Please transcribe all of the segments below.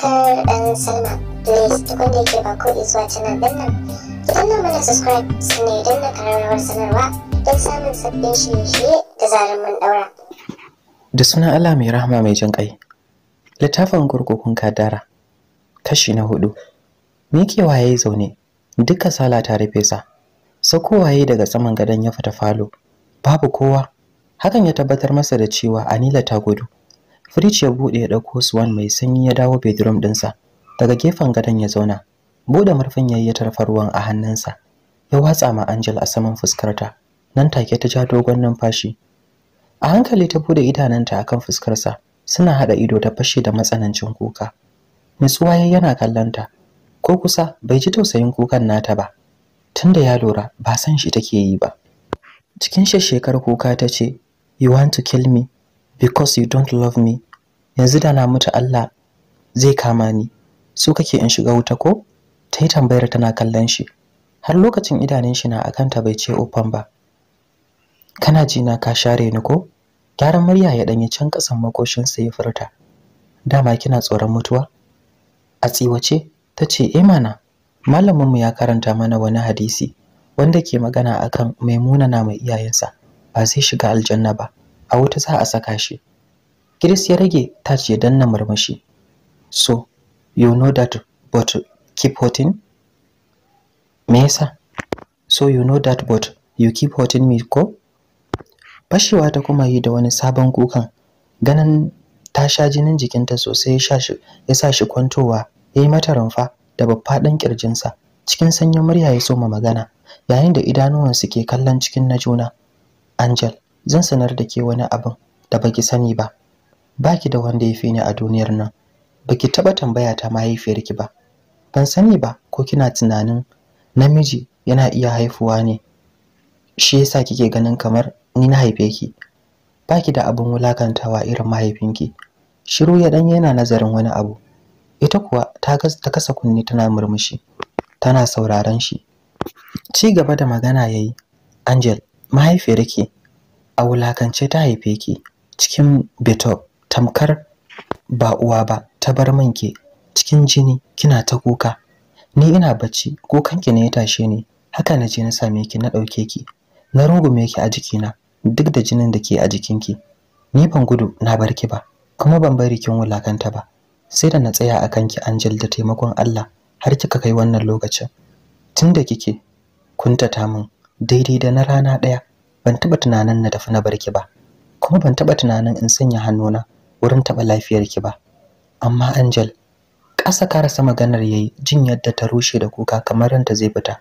subscribe and sign up. Please tukun da yake ba ko zuwa canal din nan. Ki danna mana subscribe sannan ya danna kararrawar sanarwa don samun sabbin shirye-shirye da zarar mun daura. Da sunan Allah mai rahama mai jin ƙai. Littafin kurkukun kadara. Kashi na hudu. Mike waye zaune, duka sala ta rufe sa. Sauko waye daga saman gadon ya fita falo. Babu kowa. Hakan ya tabbatar masa da cewa Anila ta gudu. Fridge ya bude ya dauko Swan mai sanyi ya dawo bedroom dinsa. Daga gefen gadon ya zauna. Bude murfin yayi ya tarfa ruwan a hannunsa. Ya watsa ma Angel a saman fuskarta. Nan take ta ja dogon numfashi. A hankali ta bude idananta akan fuskarsa. Suna hada ido ta fashe da matsanancin kuka. Nutsuwa yana kallanta. Ko kusa bai ji tausayin kukan nata ba. Tunda ya lura ba san shi take yi ba. Cikin shekar kuka ta ce, You want to kill me? because you don't love me yanzu da na mutu Allah zai kama ni so kake in shiga wuta ko ta tambayar tana kallon shi har lokacin idanun shi na akanta bai ce open ba kana ji na ka share ni ko gyaran murya ya danyi can kasan makoshin sa ya furta dama kina tsoron mutuwa a tsiwace ta ce eh mana malamin mu ya karanta mana wani hadisi wanda ke magana akan maimuna na mai iyayensa ba zai shiga aljanna ba a wuta za a saka shi Chris ya rage ta ya danna murmushi so you know that but keep hurting me yasa so you know that but you keep hurting me ko fashewa ta kuma yi da wani sabon kukan ganin ta sha jinin jikinta sosai ya sa shi kwantowa ya yi mata rumfa da babbaɗan ƙirjinsa cikin sanyin murya ya soma magana yayin da idanuwan ke kallon cikin na juna angel zan sanar da ke wani abin da baki sani ba baki da wanda ya fi ni a duniyar nan baki taba tambaya ta mahaifiyarki ba ban sani ba ko kina tunanin namiji yana iya haifuwa ne shi yasa kike ganin kamar ni na haife ki baki da abin wulakantawa irin mahaifinki shiru ya dan yana nazarin wani abu ita kuwa ta ta kasa kunni tana murmushi tana sauraron shi ci gaba da magana yayi angel mahaifiyarki a wulakance ta haife ki cikin bitob tamkar ba uwa ba ta bar min ki cikin jini kina ta kuka ni ina bacci kukanki ne ya tashe ni haka na je na same ki na ɗauke ki na rungume ki a jikina duk da jinin da ke a jikin ki. ni ban gudu na bar ki ba kuma ban bari kin wulakanta ba sai da na tsaya a kanki anjil da taimakon Allah har kika kai wannan lokacin tunda kike kuntata mun daidai da na rana ɗaya ban taɓa tunanin na tafi na barki ba kuma ban taɓa tunanin in sanya hannuna wurin taɓa ki ba amma Angel ƙasa karasa maganar yayi jin yadda ta rushe da kuka kamar ranta zai fita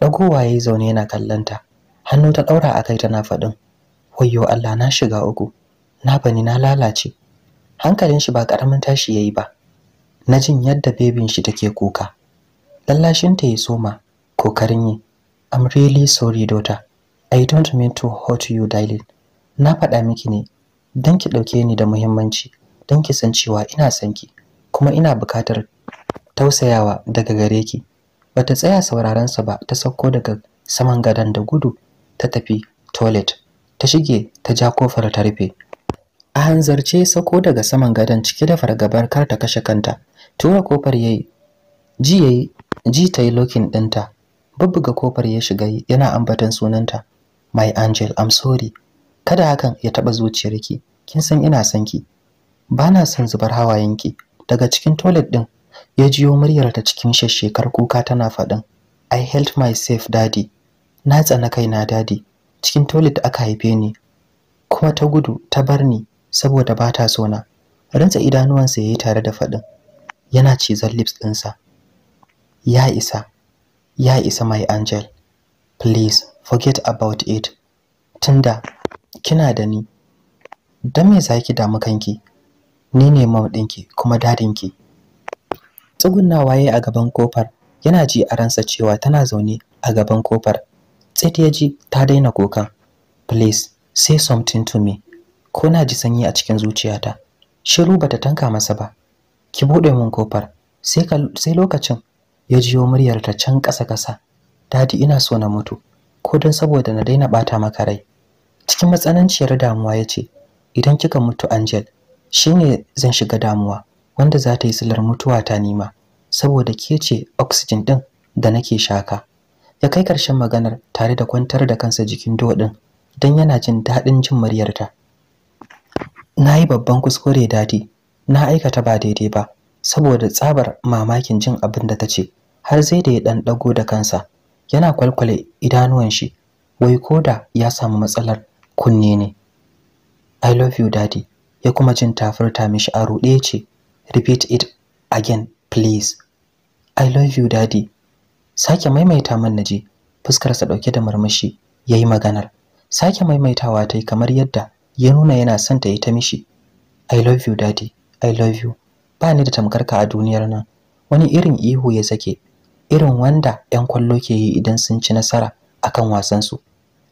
dagowa yayi zaune yana kallanta hannu ta ɗaura a kai tana faɗin wayyo Allah na shiga uku na bani na lalace hankalin shi ba karamin tashi ya yi ba na jin yadda bebin shi take kuka lallashin ta ya soma kokarin yi I'm really sorry daughter I don't mean to hurt you darling. Na faɗa miki ne don ki ɗauke ni da muhimmanci, don ki san cewa ina son ki kuma ina buƙatar tausayawa daga gare ki. Bata tsaya saurarensa ba ta sauko daga saman gadon da gudu ta tafi toilet. Ta shige ta ja kofar ta rufe. A hanzarce sauko daga saman gadon cike da fargabar kar ta kashe kanta. Tura kofar yayi. Ji yayi ji ta yi lokin ɗinta. ga kofar ya shiga yana ambaton sunanta. my angel i'm sorry kada hakan ya taba zuciyarki kin san ina son ki bana son zubar hawayenki daga cikin toilet din ya jiyo muryar ta cikin shashshekar kuka tana faɗin i held myself daddy na tsana kaina daddy cikin toilet aka haife ni kuma ta gudu ta bar ni saboda ba ta sona rantsa idanuwansa ya yi tare da faɗin yana cizon lips ɗinsa ya isa ya isa my angel please forget about it tunda kina da ni dan me zaki damu kanki ni ne ɗinki kuma dadinki tsugunnawa yayi a gaban kofar yana ji a ransa cewa tana zaune a gaban kofar tsit ya ji ta daina kokan please say something to me ko na ji sanyi a cikin zuciyata shiru bata tanka masa ba ki bude min kofar sai lokacin ya jiyo muryar ta can ƙasa kasa dadi ina so na mutu ko don saboda na daina bata maka rai cikin matsananciyar damuwa ya ce idan kika mutu angel shine zan shiga damuwa wanda za ta yi silar mutuwa ta nima saboda ke ce oxygen din da nake shaka ya kai karshen maganar tare da kwantar da kansa jikin do din don yana jin dadin jin muryarta na yi babban kuskure dadi na aikata ba daidai ba saboda tsabar mamakin jin abin da ta ce har zai da ya ɗan ɗago da kansa yana kwalkwale idanuwan shi wai koda ya samu matsalar kunne ne I love you daddy ya kuma jin tafurta mishi a ruɗe ce repeat it again please I love you daddy sake maimaita min naje fuskarsa dauke da murmushi yayi maganar sake maimaitawa ta kamar yadda ya nuna yana son ta yi ta mishi I love you daddy I love you ba ni da tamkarka a duniyar nan wani irin ihu ya sake irin wanda 'yan kwallo ke yi idan sun ci nasara a kan wasansu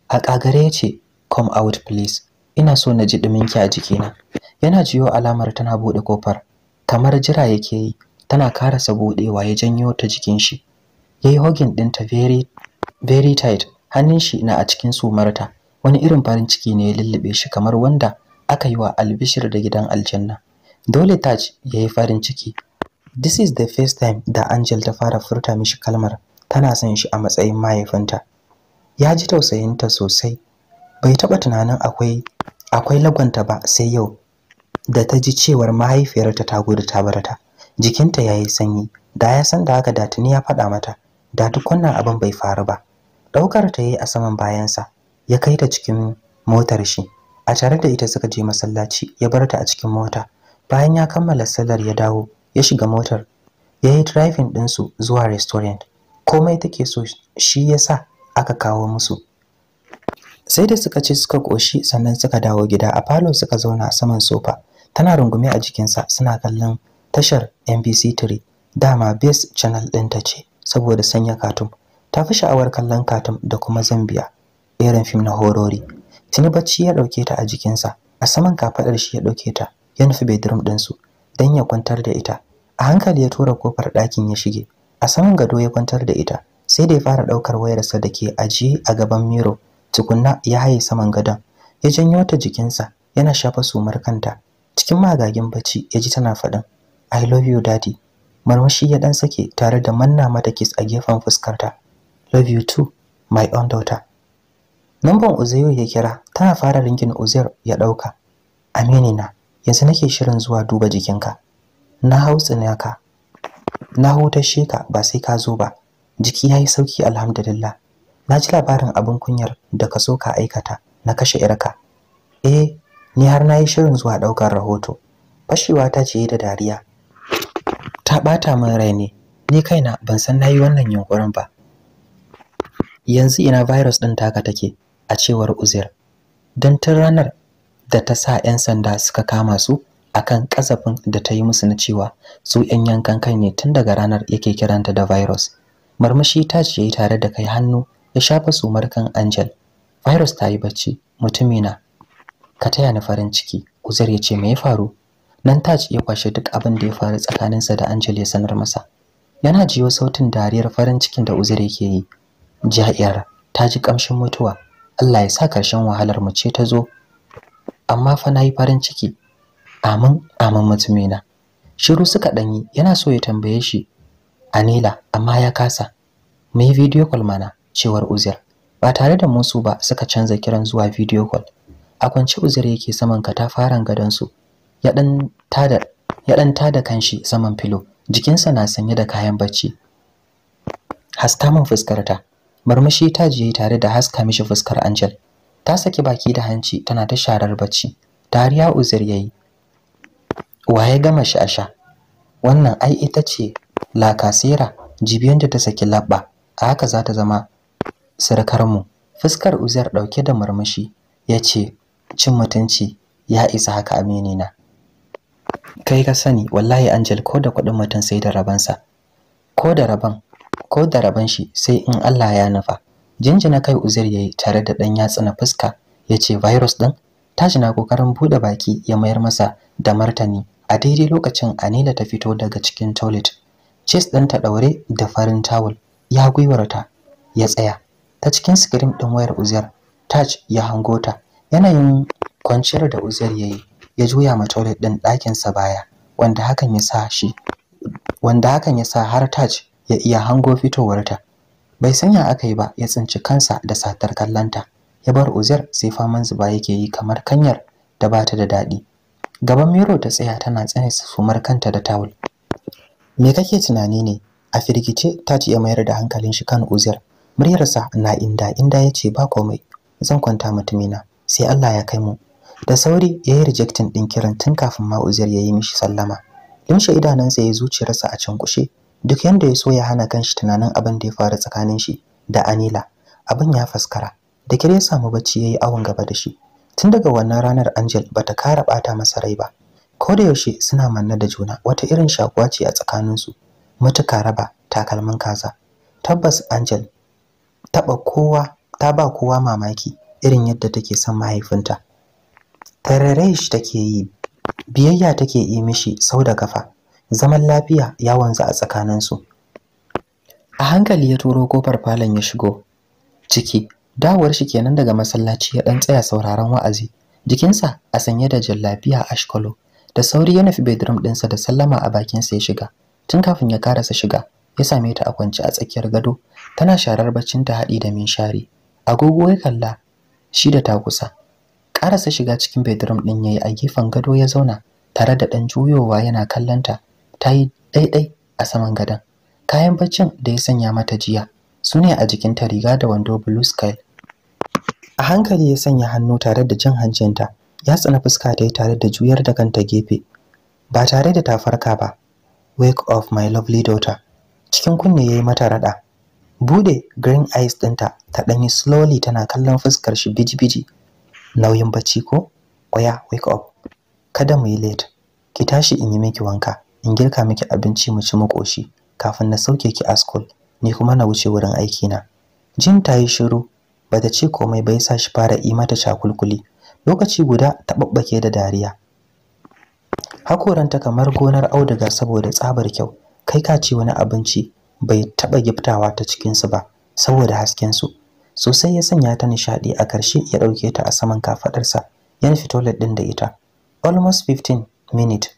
a kagare gare ce come out please ina so na ji ɗuminki a jikina yana jiyo alamar tana buɗe kofar kamar jira yake yi tana karasa buɗewa ya janyo ta jikin shi yayi hogin ɗinta very very tight hannun shi na a cikin sumarta wani irin farin ciki ne ya lullube shi kamar wanda aka yi wa albishir da gidan aljanna dole taj yayi farin ciki This is the first time da Angel ta fara furta mishi kalmar tana son shi a matsayin mahaifinta. Ya ji tausayinta sosai. Bai taɓa tunanin akwai akwai lagwanta ba sai yau da ta ji cewar mahaifiyarta ta gudu ta barata, ta. Jikinta yayi sanyi. Da ya san da haka da tuni ya faɗa mata. Da duk wannan abin bai faru ba. Ɗaukar ta yi a saman bayansa ya kai ta cikin motar shi. A tare da ita suka je masallaci ya bar ta a cikin mota. Bayan ya kammala sallar ya dawo ya shiga motar ya yi driving ɗinsu zuwa restaurant komai take so shi ya sa aka kawo musu sai da suka ce suka ƙoshi sannan suka dawo gida a falo suka zauna a saman sofa tana rungume a jikinsa suna kallon tashar nbc 3 dama base channel ɗinta ce saboda sanya katum ta fi sha'awar kallon katum da kuma zambia irin fim na horori tuni bacci ya ɗauke ta a jikinsa a saman kafaɗar shi ya ɗauke ta ya nufi bedroom ɗinsu Dan ya kwantar da ita a hankali ya tura kofar ɗakin ya shige a saman gado ya kwantar da ita sai da ya fara ɗaukar wayarsa da ke ajiye a gaban miro tukunna ya haye saman gadon ya janyo ta jikinsa yana shafa sumar kanta cikin magagin bacci ya ji tana faɗin i love you daddy marmashi ya ɗan sake tare da manna mata kiss a gefen fuskarta love you too my own daughter Namban Uzair ya kira, tana fara ringin Uzair ya ɗauka. aminina yanzu nake shirin zuwa duba jikinka na hau ka na hutashe ka ba sai ka zo ba jiki yayi sauki alhamdulillah na ji labarin abin kunyar da ka so ka aikata na kashe irka eh ni har na yi shirin zuwa ɗaukar rahoto fashewa ta ce da dariya ta ɓata min rai ne ni kaina ban san nayi wannan yunkurin ba yanzu ina virus ɗin taka take a cewar Uzair dan tun ranar da ta sa 'yan sanda suka kama su akan kasafin da ta yi musu na cewa su 'yan yankan kai ne tun daga ranar yake kiranta da virus marmashi ta ce tare da kai hannu ya shafa su markan angel virus ta yi bacci mutumina ka taya ni farin ciki uzar ya ce me ya faru nan ta ce ya kwashe duk abin da ya faru tsakaninsa da angel ya sanar masa yana jiyo sautin dariyar farin cikin da uzur yake yi ja'iyar ta ji kamshin mutuwa Allah ya sa karshen wahalar mu ce ta zo amma fa na yi farin ciki amin amin mutumina shiru suka ɗanyi yana so ya tambaye shi anila amma ya kasa mu yi video call mana cewar uzir. ba tare da musu ba suka canza kiran zuwa video call a kwance uzair yake saman katafaren gadonsu ya dan tada ya dan tada kanshi saman filo jikinsa na sanye da kayan bacci haska min fuskarta murmushi ta jiye tare da haska mishi fuskar Angel ta saki baki da hanci tana ta sharar bacci dariya uzir yayi ya gama shi shasha wannan ai ita ce La Kasira, jibiyan da ta saki labba a haka za ta zama mu fuskar uzir dauke da murmushi ya ce cin mutunci ya isa haka aminina kai ka sani wallahi angel ko da kuɗin mutum sai da rabansa ko da raban ko da raban shi sai in Allah ya nufa jinjina kai uzir yayi tare da dan yatsa na fuska yace virus din tashi na kokarin bude baki ya mayar masa da martani a daidai lokacin Anila ta fito daga cikin toilet chest ta daure da farin tawul ya gwiwarta ya tsaya ta cikin screen din wayar uzir touch ya hango ta yanayin kwanciyar da uzir yayi ya juya ma toilet din dakin sa baya wanda hakan ya sa shi wanda hakan ya sa har touch ya iya hango fitowarta bai sanya aka yi ba ya tsinci kansa da satar kallanta ya bar uzir sai faman zuba yake yi kamar kanyar da ba ta da daɗi gaban miro ta tsaya tana tsane sumar kanta da tawul me kake tunani ne a firgice ta ci ya mayar da hankalin shi kan uzair muryarsa na inda inda yace ba komai zan kwanta mutumina sai Allah ya kai mu da sauri ya yi rejectin ɗin kiran tun kafin ma uzir ya yi mishi sallama limshe idanunsa ya zuciyarsa a can duk yanda ya so ya hana kanshi tunanin abin da ya faru tsakanin shi da Anila abin ya faskara da kire ya samu bacci yayi awon gaba da shi tun daga wannan ranar Angel bata kara bata masa rai ba ko da yaushe suna manna da juna wata irin shakuwa ce a tsakanin su mutuka raba takalmin kaza tabbas Angel taba kowa ta ba kowa mamaki irin yadda take son mahaifinta tarare shi take yi biyayya take yi mishi sau da kafa zaman lafiya ya wanzu a tsakaninsu a hankali ya turo kofar falon ya shigo ciki dawar shi kenan daga masallaci ya ɗan tsaya sauraron wa'azi jikinsa a sanye da lafiya a ashkolo da sauri ya nufi bedroom ɗinsa da sallama a bakinsa ya shiga tun kafin ya karasa shiga ya same ta a kwance a tsakiyar gado tana sharar baccin ta haɗi da minshari agogo ya kalla shi da ta kusa karasa shiga cikin bedroom ɗin yayi a gefen gado ya zauna tare da ɗan juyowa yana kallon ta yi ɗaiɗai a saman gadon kayan baccin da ya sanya mata jiya su ne a ta riga da wando blue sky a hankali ya sanya hannu tare da jin hancinta ya tsina fuska ta yi tare da juyar da kanta gefe ba tare da ta farka ba wake of my lovely daughter cikin kunne ya yi mata raɗa bude green eyes ɗinta ta ɗanyi slowly tana kallon fuskar shi biji-biji nauyin bacci ko ƙwaya wake up kada mu yi late ki tashi in yi miki wanka in girka miki abinci mu ci mu koshi kafin na sauke ki a school ni kuma na wuce wurin aiki na jin ta yi shiru bata ce komai ba yasa shi fara yi mata cakulkuli lokaci guda ta babbake da dariya hakoranta kamar gonar auduga saboda tsabar kyau kai ka ce wani abinci bai taba giftawa ta cikin su ba saboda hasken su sosai ya sanya ta nishadi a karshe ya dauke ta a saman kafadarsa yana nufi toilet din da ita almost 15 minutes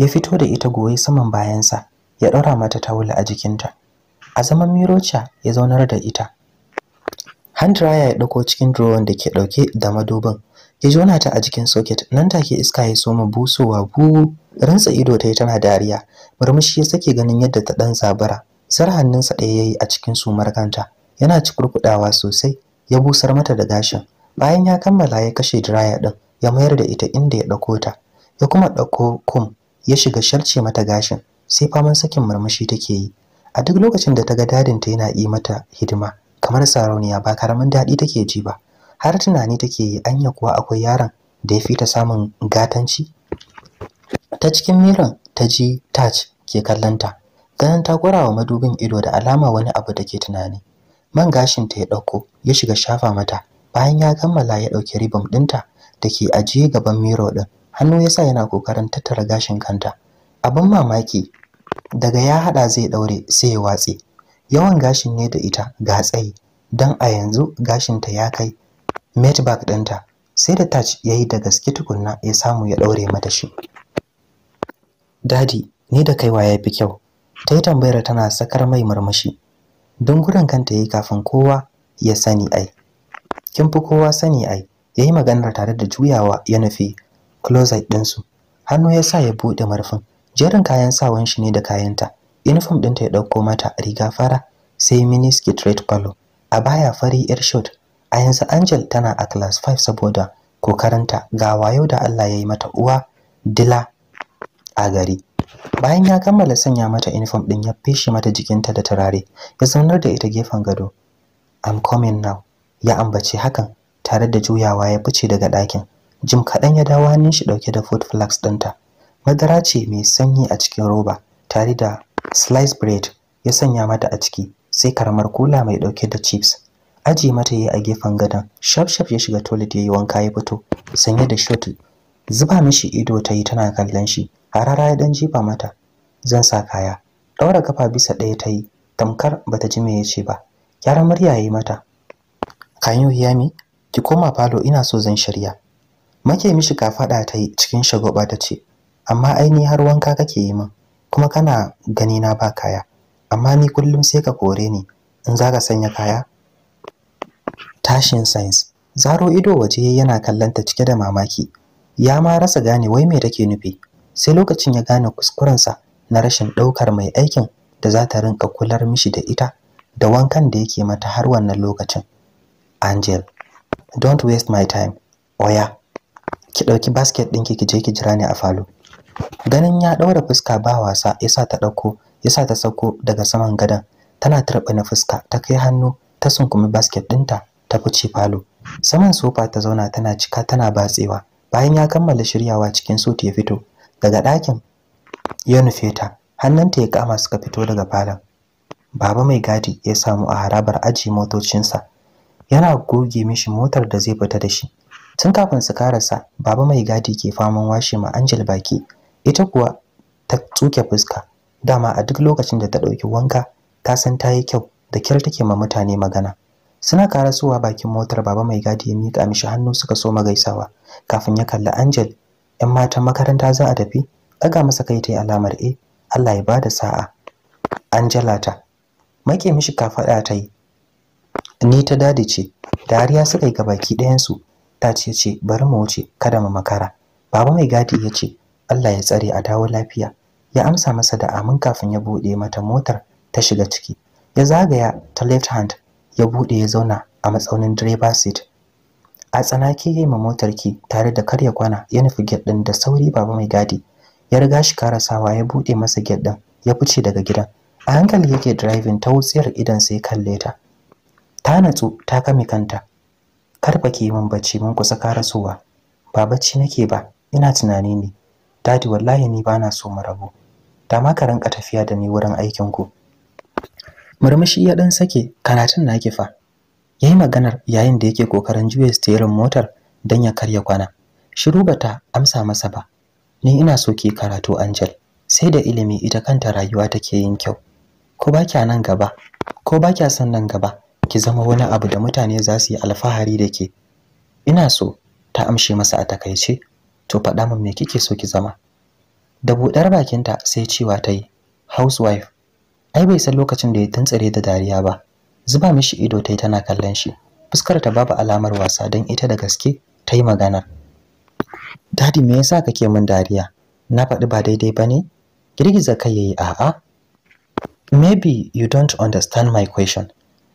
ya fito da ita goye saman bayansa ya ɗora mata tawul a jikinta a zaman mirocha ya zaunar da ita handraya ya ɗauko cikin drawer da ke ɗauke da madubin ya jona ta a jikin socket nan take iska ya soma busowa bu rantsa ido ta yi tana dariya murmushi ya sake ganin yadda ta ɗan zabara Sar hannunsa ɗaya ya yi a cikin sumar kanta yana cikurkuɗawa sosai ya busar mata da gashin bayan ya kammala ya kashe diraya ɗin ya mayar da ita inda ya ɗauko ta ya kuma ɗauko kum ya shiga sharce mata gashin sai faman sakin murmushi take yi a duk lokacin da ta ga dadinta yana yi mata hidima kamar sarauniya ba karamin daɗi take ji ba har tunani take yi anya kuwa akwai yaron da ya fi ta samun gatanci ta cikin miran ta ji taj ke kallonta ganin ta gura madubin ido da alama wani abu da ke tunani man gashin ta ya ɗauko ya shiga shafa mata bayan ya kammala ya ɗauki ribam ɗinta da ke ajiye gaban miro ɗin hannu yasa yana kokarin tattara gashin kanta abin mamaki daga ya hada zai daure sai ya watse yawan gashin ne da ita ga tsayi don a yanzu gashinta ya kai metback ɗinta sai da touch ya yi da gaske tukunna ya samu ya daure mata shi dadi ni da kaiwa ya fi kyau ta yi tambayar tana sakar mai murmushi don gudun kanta ya yi kafin kowa ya sani ai kin fi kowa sani ai ya yi maganar tare da juyawa ya nufi closet ɗinsu hannu ya sa ya buɗe marfin jerin kayan sawan shi ne da kayanta uniform ɗinta ya ɗauko mata riga fara sai miniskit red polo a baya fari yar shot a yanzu angel tana a class 5 saboda kokarinta ga wayo da allah ya yi mata uwa dila a gari bayan ya kammala sanya mata uniform ɗin ya feshe mata jikinta da turare ya zaunar da ita gefen gado i'm coming now ya ambace hakan tare da juyawa ya fice daga ɗakin jim kaɗan ya dawo hannun shi ɗauke da food Flux ɗinta madara ce mai sanyi a cikin roba tare da slice bread ya sanya mata a ciki sai karamar kula mai ɗauke da chips aji mata yayi a gefen gadon shaf shaf ya shiga toilet yayi wanka ya fito sanye da shirt zuba mishi ido ta yi tana kallon shi harara ya dan jifa mata zan sa kaya Ɗaura kafa bisa ɗaya ta yi tamkar bata ji me yace ba yaran murya yi mata can yi wuya ki koma falo ina so zan shirya Make mishi kafaɗa ta yi cikin shagoba ta ce, amma aini har wanka kake yi min, kuma kana gani na ba kaya, amma ni kullum sai ka kore ni in za ka sanya kaya? Tashin science, zaro ido waje yana kallanta cike da mamaki, ya ma rasa gane wai me take nufi, sai lokacin ya gane kuskurensa na rashin ɗaukar mai aikin da za ta rinka kular mishi da ita da wankan da yake mata har wannan lokacin. Angel, don't waste my time. Oya, ki dauki basket ɗinki ki je ki jira ni a falo ganin ya daura fuska ba wasa yasa ta dauko yasa ta sauko daga saman gadan tana turbe na fuska ta kai hannu ta sunkumi basket ɗinta ta fice falo saman sofa ta zauna tana cika tana batsewa bayan ya kammala shiryawa cikin suit ya fito daga ɗakin ya nufe ta hannunta ya kama suka fito daga falon baba mai gadi ya samu a harabar aji motocinsa yana goge mishi motar da zai fita da shi tun kafin su karasa baba mai gadi ke faman washe ma Angel baki ita kuwa ta tsuke fuska dama a duk lokacin da ta ɗauki wanka ta san ta yi kyau da kyar take ma mutane magana suna karasuwa bakin motar baba mai gadi ya miƙa mishi hannu suka so gaisawa, kafin ya kalli Angel ‘yan matan makaranta za a tafi ɗaga masa kai ta yi alamar e Allah ya bada sa'a Angela ta make mishi kafaɗa ta yi ni ta dadi ce dariya suka yi ga baki ɗayansu Taj ya ce bari mu wuce kada mu makara. Baba mai gadi ya ce Allah ya tsare a dawo lafiya. Ya amsa masa da amin kafin ya buɗe mata motar ta shiga ciki. Ya zagaya ta left hand ya buɗe ya zauna a matsaunin driver seat. A tsanaki ya yi ma motar ki tare da karya kwana ya nufi gate din da sauri baba mai gadi. Ya riga shi karasawa ya buɗe masa gate ɗin ya fice daga gidan. A hankali yake driving ta wutsiyar idan sai kalle ta. Ta natsu ta kame kanta karfa ke min bacci mun kusa karasowa ba bacci nake ba ina tunani ne dadi wallahi ni bana so mu rabu da ma ka tafiya da ni wurin aikin ku murmushi ya dan sake karatun naki fa yayi maganar yayin da yake kokarin juya steering motar dan ya karya kwana shiru bata amsa masa ba ni ina so ki karatu Angel sai da ilimi ita kanta rayuwa take yin kyau ko ba kya nan gaba ko ba kya san nan gaba ki zama wani abu da mutane za su yi alfahari da ke ina so ta amshe masa a takaice to faɗa min me kike so ki zama da buɗar bakinta sai cewa ta yi housewife ai bai san lokacin da ya tuntsare da dariya ba zuba mishi ido ta yi tana kallon shi fuskar ta babu alamar wasa don ita da gaske ta yi maganar dadi me yasa kake min dariya na faɗi ba daidai ba ne girgiza kai ya yi a'a maybe you don't understand my question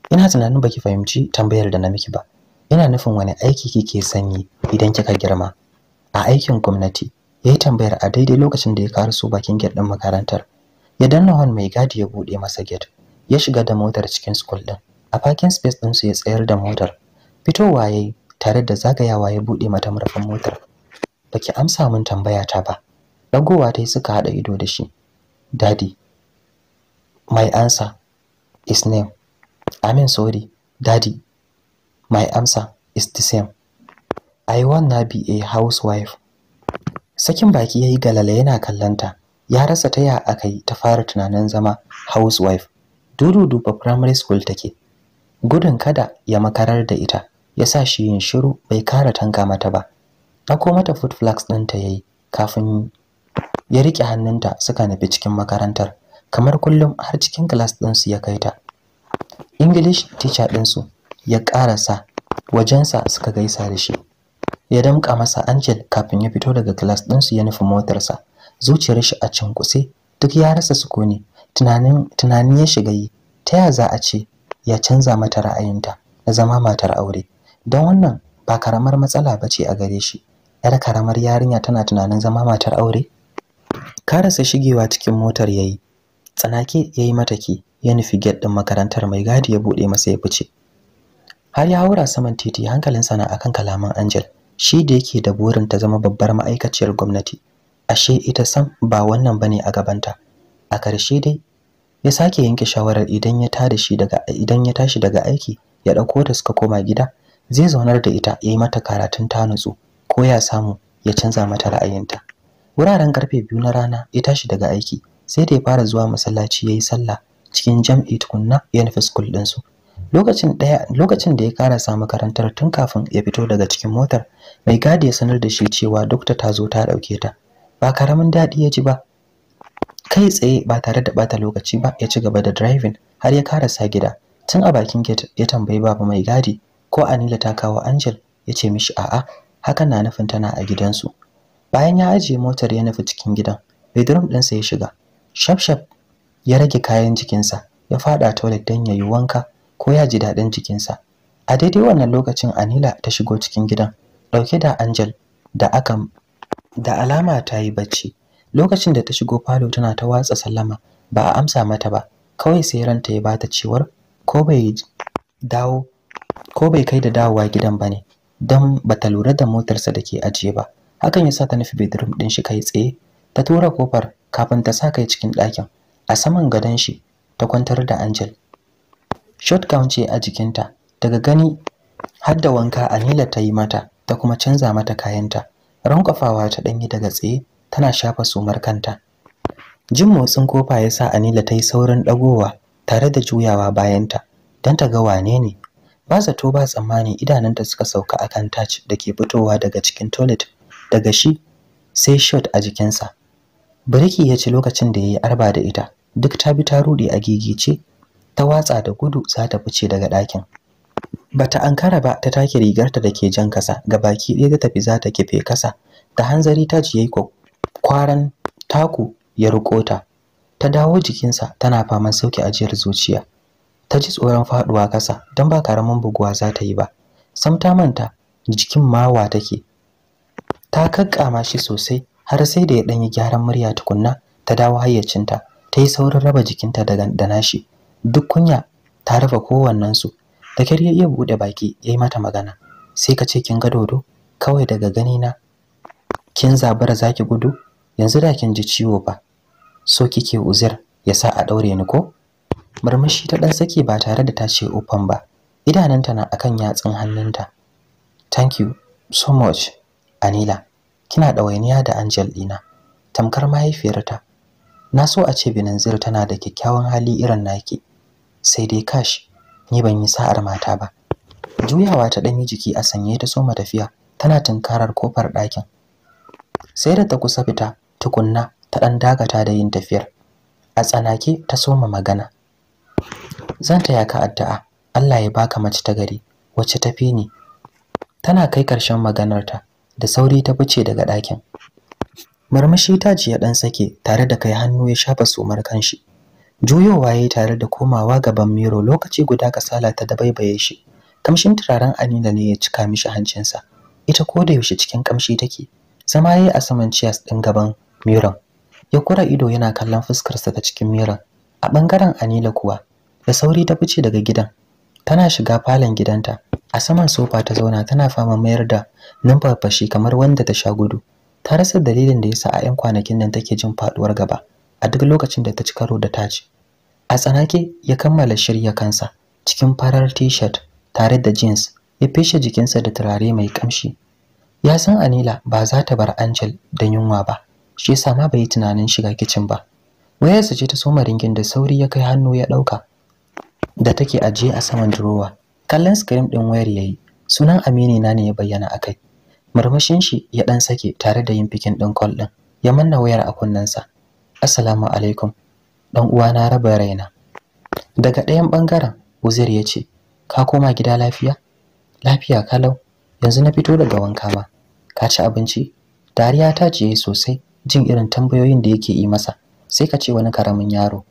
ina tunanin baki fahimci tambayar da na miki ba ina nufin wani aiki kike sanyi idan kika girma a aikin gwamnati yayi tambayar a daidai lokacin da ya karaso bakin gate din makarantar ya danna hon mai gadi ya bude masa gate ya shiga da motar cikin school din a parking space din su ya tsayar da motar fitowa yayi tare da zagayawa ya bude mata murfin motar baki amsa mun tambaya ta ba dagowa ta suka hada ido da shi Dadi, my answer is name Amin sorry, daddy. My answer is the same. I wanna be a housewife. Sakin baki yayi galala yana kallanta. Ya rasa taya akai kai ta fara tunanin zama housewife. Dududu ba primary school take. Gudun kada ya makarar da ita, ya sa shi yin shiru bai kara tanka mata ba. Ɗauko mata foot flags ɗinta yayi kafin ya rike hannunta suka nufi cikin makarantar. Kamar kullum har cikin class su ya kai ta. English teacher su ya ƙarasa wajensa suka gaisa da shi. Ya damƙa masa Angel kafin ya fito daga class su ya nufi motarsa. Zuciyar shi a cunkushe duk ya rasa sukuni. Tunanin tunani ya shiga yi ta ya za a ce ya canza mata ra'ayinta na zama matar aure. Don wannan ba karamar matsala ba ce a gare shi. Yar karamar yarinya tana tunanin zama matar aure? Karasa shigewa cikin motar yayi. Tsanake yayi mata ke. ya nufi gate din makarantar mai gadi ya bude masa ya fice har ya haura saman titi hankalinsa na akan kalaman Angel shi da yake da burin ta zama babbar ma'aikaciyar gwamnati ashe ita san ba wannan bane a gabanta a karshe dai ya sake yanke shawarar idan ya tada shi daga idan ya tashi daga aiki ya dauko da suka koma gida zai zaunar da ita yayi mata karatun ta nutsu ko ya samu ya canza mata ra'ayinta wuraren karfe biyu na rana ya tashi daga aiki sai da ya fara zuwa masallaci yayi sallah cikin jam'i tukunna ya nufi school din su lokacin daya lokacin da ya karasa makarantar tun kafin ya fito daga cikin motar mai gadi ya sanar da shi cewa dokta ta zo ta dauke ta ba karamin dadi ya ji ba kai tsaye ba tare da bata lokaci ba ya ci gaba da driving har ya karasa gida tun a bakin gate ya tambayi baba mai gadi ko Anila ta kawo Angel ya ce mishi a'a haka na nufin tana a gidansu bayan ya ajiye motar ya nufi cikin gidan bedroom sa ya shiga shafshaf ya rage kayan jikinsa ya fada toilet don ya yi wanka ko ya ji daɗin jikinsa a daidai wannan lokacin anila ta shigo cikin gidan ɗauke da angel da aka da alama ta yi bacci lokacin da ta shigo falo tana ta watsa sallama ba a amsa mata ba kawai sai ranta ya bata cewar ko bai dawo ko bai kai da dawowa gidan ba ne don bata lura da motarsa da ke ajiye ba hakan ya sa ta nufi bedroom ɗin shi kai tsaye ta tura kofar kafin ta sa kai cikin ɗakin a saman gadon shi ta kwantar da Angel. Shotgown ce a jikinta, daga gani har da wanka Anila ta yi mata ta kuma canza mata kayanta. Rankwafawa ta ɗanyi daga tsaye tana shafa sumar kanta. Jin motsin kofa ya sa Anila ta yi saurin ɗagowa tare da juyawa bayanta don ta ga wane ne. Ba zato ba tsammani idananta suka sauka a kan touch da ke fitowa daga cikin toilet daga shi sai shot a jikinsa. Biriki ya ci lokacin da ya yi arba da ita duk ta bi ta rude a gigice ta watsa da gudu za ta fice daga ɗakin bata ankara ba ta take rigarta da ke jan kasa baki ɗaya ta tafi za ta kife kasa da hanzari ta jiye kwaran taku ya riko ta ta dawo jikinsa tana faman sauki ajiyar zuciya ta ji tsoron faduwa kasa don ba karamin buguwa za ta yi ba sam ta manta jikin mawa take ta kakkama shi sosai har sai da ya danyi gyaran murya tukunna ta dawo hayyacinta ta yi saurin raba jikinta da nashi duk kunya ta rufe kowannensu da kyar ya iya buɗe baki ya yi mata magana sai ka ce kin ga dodo kawai daga gani na kin za ki gudu yanzu da kin ji ciwo ba so kike uzir ya sa a ɗaure ni ko murmushi ta ɗan saki ba tare da ta ce ufan ba idananta na akan yatsun hannunta thank you so much anila kina ɗawainiya da angel dina tamkar mahaifiyarta na so a ce Binanzir tana da kyakkyawan hali irin naki sai dai kash ni ban yi sa'ar mata ba juyawa ta ɗanyi jiki a sanye ta soma tafiya tana tunkarar kofar ɗakin sai da ta kusa fita tukunna ta ɗan dagata da yin tafiyar a tsanake ta soma magana zan taya ka addu'a Allah ya baka mace ta gari wacce tafi ni tana kai ƙarshen maganarta da sauri ta fice daga ɗakin Marmashi taji ya ɗan sake tare da kai hannu ya shafa sumar kanshi. Juyowa ya yi tare da komawa gaban miro lokaci guda kasala ta da baibaye shi. Kamshin turaren Anila ne ya cika mishi hancinsa. Ita ko da yaushe cikin kamshi take. Zama yayi a saman chairs ɗin gaban miron. Ya kura ido yana kallon fuskarsa ta cikin miron. A ɓangaren Anila kuwa, da sauri ta fice daga gidan. Tana shiga falon gidanta. A saman sofa ta zauna tana fama mayar da numfarfashi kamar wanda ta sha gudu. ta rasa dalilin da yasa a 'yan kwanakin nan take jin faduwar gaba a duk lokacin da ta ci karo da taci a tsanake ya kammala shirya kansa cikin farar t-shirt tare da jeans ya feshe jikinsa da turare mai kamshi ya san anila ba za ta bar angel da yunwa ba shi yasa ma bai tunanin shiga kicin ba wayarsa ce ta soma ringin da sauri ya kai hannu ya ɗauka. da take ajiye a saman drawer kallon screen ɗin wayar yayi sunan amini na ne ya bayyana akai murmushin shi ya dan sake tare da yin fikin din call din ya manna wayar a kunnensa assalamu alaikum dan uwa na raba raina daga ɗayan bangaren uzair ya ce ka koma gida lafiya lafiya kalau yanzu na fito daga wanka ma ka ci abinci dariya ta ciye sosai jin irin tambayoyin da yake yi masa sai ka ce wani karamin yaro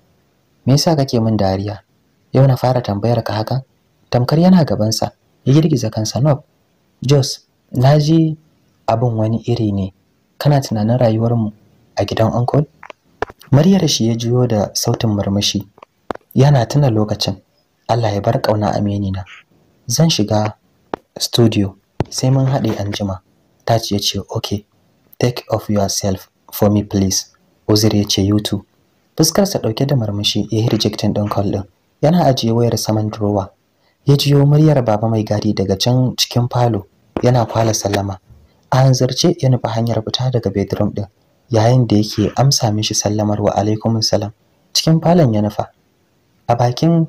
me yasa kake min dariya yau na fara tambayar ka haka tamkar yana gabansa ya girgiza kansa nob jos na ji abin wani iri ne kana tunanin rayuwarmu a gidan uncle maryar shi ya jiyo da sautin murmushi yana tuna lokacin Allah ya bar kauna aminina zan shiga studio sai mun haɗe anjima Ta ya ce okay take off yourself for me please Uzair ya ce you too fuskarsa ɗauke da murmushi ya yi rejectin ɗin call ɗin yana ajiye wayar saman drawer ya jiyo muryar baba mai gari daga can cikin falo yana kwala sallama a hanzarce ya nufa hanyar fita daga bedroom din yayin da yake amsa mishi sallamar wa alaikumus salam cikin falon ya nufa a bakin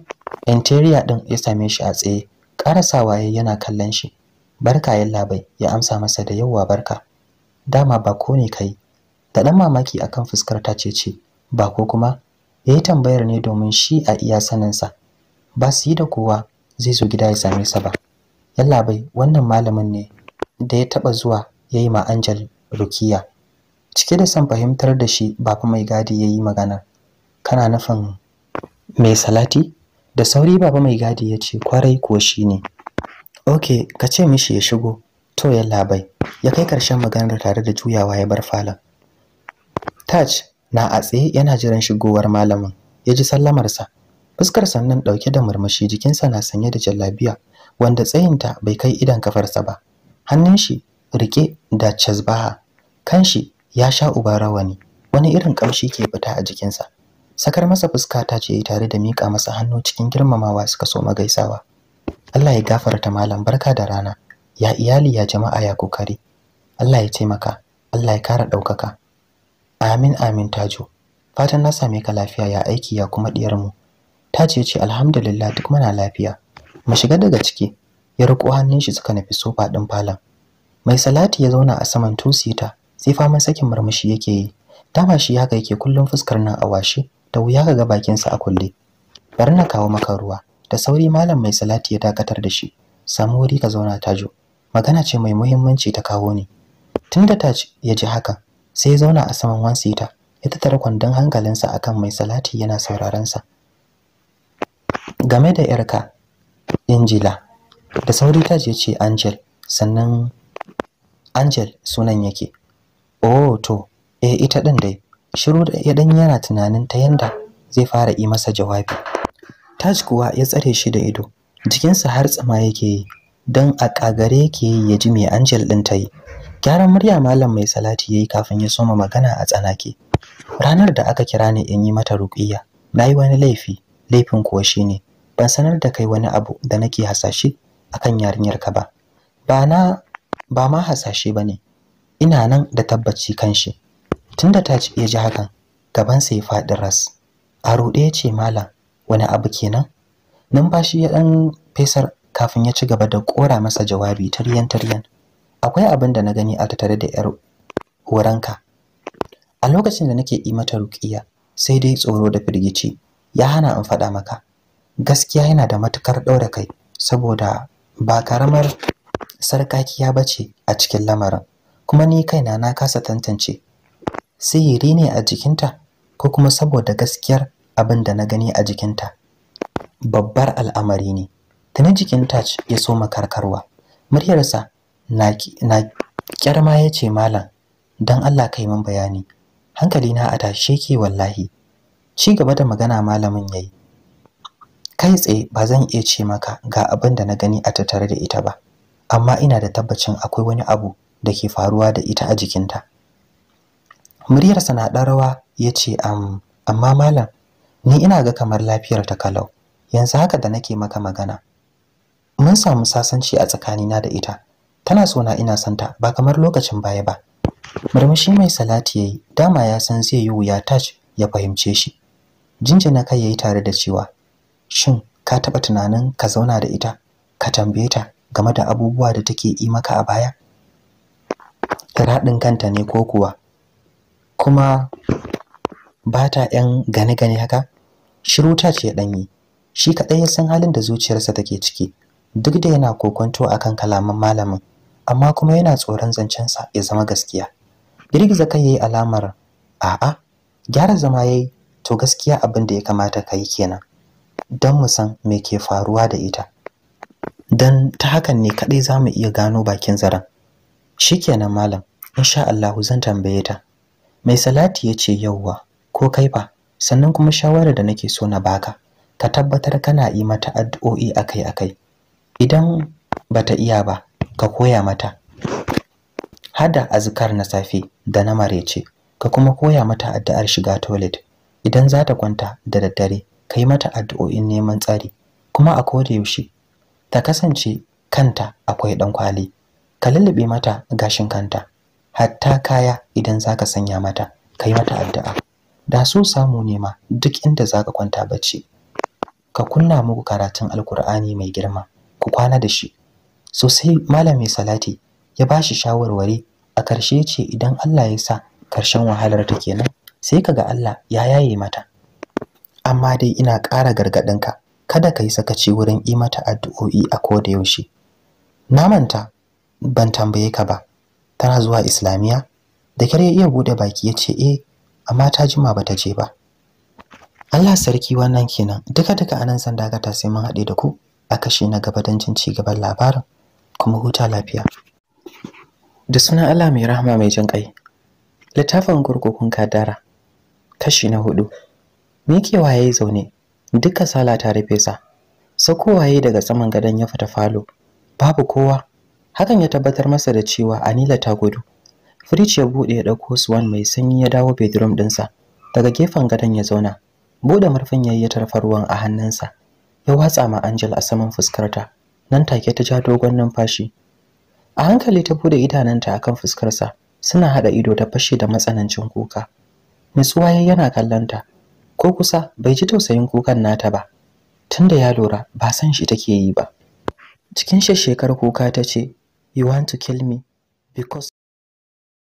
interior din ya same shi a tsaye Karasa waye yana kallon shi barka labai ya amsa masa da yawa barka dama ba ko ne kai da dan mamaki akan fuskar ta ce ce ba ko kuma yayi tambayar ne domin shi a iya saninsa ba su yi da kowa zai zo gida ya same sa ba bai wannan malamin ne da ya taɓa zuwa yayi yi ma Angel rukiya cike da son fahimtar da shi baba mai gadi yayi yi magana kana nufin mai salati da sauri baba mai gadi ya ce kwarai ko shi ne ok ka ce mishi ya shigo to yallaɓai ya kai ƙarshen maganar tare da juyawa ya bar falon taj na a tsaye yana jiran shigowar malamin ya ji sallamarsa fuskar sannan ɗauke da murmushi jikinsa na sanye da jallabiya wanda tsayinta bai kai idan kafarsa ba hannun shi rike da cazbaha kanshi ya sha uba rawani wani irin kamshi ke fita a jikinsa sakar masa fuska ta ce tare da mika masa hannu cikin girmamawa suka so magaisawa Allah ya gafarta malam barka da rana ya iyali ya jama'a ya kokari Allah ya taimaka Allah ya kara ɗaukaka. amin amin tajo fatan na same ka lafiya ya aiki ya kuma diyar mu ta ce ce alhamdulillah duk muna lafiya mu shiga daga ciki ya riko hannun shi suka nufi sofa din falon mai salati ya zauna a saman tusita sai faman sakin murmushi yake yi dama shi haka yake kullum fuskar nan a washe da wuya kaga bakin sa a kulle bari na kawo maka ruwa da sauri malam mai salati ya dakatar da shi samu wuri ka zauna tajo magana ce mai muhimmanci ta kawo ni tunda ta ya ji haka sai ya zauna a saman wansita ya tattara kwandon hankalinsa akan mai salati yana sauraron sa game da yarka Angela da sauri ta je ce Angel sannan Angel sunan yake oh to eh ita din dai shiru da ya dan yana tunanin ta yanda zai fara yi masa jawabi Taj kuwa ya tsare shi da ido jikinsa har tsama yake yi don a kagare yake yi ya ji me Angel din ta yi gyaran murya malam mai salati yayi kafin ya soma magana a tsanake ranar da aka kira ni in yi mata ruqiyya nayi wani laifi laifin kuwa shine ban sanar da kai wani abu da nake hasashe akan yarinyar ka ba ba na ba ma hasashe bane ina nan da tabbaci kan shi tunda ta ci ya ji hakan gaban ya faɗi ras a rude ya ce malam wani abu kenan numfashi ya ɗan fesar kafin ya ci gaba da kora masa jawabi taryan taryan akwai abin da na gani a tattare da yar horanka a lokacin da nake yi mata ruƙiya sai dai tsoro da firgici ya hana in faɗa maka gaskiya yana da matukar ɗaura kai saboda ba karamar sarkakiya ba ce a cikin lamarin kuma ni kaina na kasa tantance sihiri ne a jikinta ko kuma saboda gaskiyar abin da na gani a jikinta babbar al'amari ne tuni jikin taj ya so karkarwa muryarsa na kyarma ya ce malam don allah kai min bayani Hankali na a tashe ke wallahi ci gaba da magana malamin ya yi. kai tsaye ba zan iya ce maka ga abin da na gani a tattare da ita ba amma ina da tabbacin akwai wani abu da ke faruwa da ita a jikinta muryarsa na ɗan rawa ya ce amma malam ni ina ga kamar lafiyar ta kalau yanzu haka da nake maka magana mun samu sasanci a tsakanina da ita tana so na ina santa ba kamar lokacin baya ba murmushi mai salati yayi dama ya san zai yi wuya touch ya fahimce shi jinjina kai yayi tare da cewa shin ka taɓa tunanin ka zauna da ita ka tambaye ta game da abubuwa da take yi maka a baya raɗin kanta ne ko kuwa kuma ba ta ‘yan gane-gane haka shiru ta ce ɗanyi shi kaɗai ya san halin da zuciyarsa take ciki duk da yana kokonto kan kalaman malamin amma kuma yana tsoron zancensa ya zama gaskiya girgiza kai yayi alamar a'a gyara zama yayi to gaskiya abin da ya kamata ka yi kenan don mu san me ke faruwa da ita don ta hakan ne kaɗai za mu iya gano bakin zaren Shi shikenan malam insha Allah, zan tambaye ta mai salati ya ce yauwa ko kai fa sannan kuma shawarar da nake so na baka ka tabbatar kana yi mata addu'o'i akai-akai idan bata iya ba ka koya mata hada azkar na safe da na marece ka kuma koya mata addu'ar shiga toilet idan za ta kwanta da daddare ka yi mata addu'o'in neman tsari kuma a koda yaushe ta kasance kanta akwai dan kwali ka lullube mata gashin kanta hatta kaya idan zaka sanya mata kai mata addu'a da su samu nema duk inda zaka kwanta bacci ka kunna muku karatun alkur'ani mai girma ku kwana da shi sosai Malami salati ya bashi shawarwari a karshe ce idan Allah ya sa karshen wahalar ta kenan sai kaga Allah ya yaye mata amma dai ina ƙara ka, kada ka yi sakaci wurin yi mata addu'o'i a koda yaushe na manta ban tambaye ka ba tana zuwa islamiyya, da kyar ya iya bude baki ya ce eh amma ta jima bata je ba Allah sarki wannan kenan duka duka anan san dagata sai mun haɗe da ku a kashi na gaba don jin ci gaban labarin kuma huta lafiya da sunan Allah mai rahama mai jin kai littafin kurkukun kadara kashi na hudu miƙewa ya yi zaune duka sala ta rufe sa sakowa ya daga saman gadon ya fita falo babu kowa hakan ya tabbatar masa da cewa anila ta gudu firic ya buɗe ya ɗauko suwan mai sanyi ya dawo bedroom ɗinsa daga gefen gadon ya zauna buɗe murfin ya yi ya ruwan a hannunsa ya watsa ma angel a saman fuskarta nan take ta ja dogon numfashi a hankali ta buɗe idananta akan fuskarsa suna haɗa ido ta fashe da matsanancin kuka nutsuwa yana kallonta ko kusa bai ji tausayin kukan nata ba tunda ya lura ba san shi take yi ba cikin shekar kuka ta ce you want to kill me because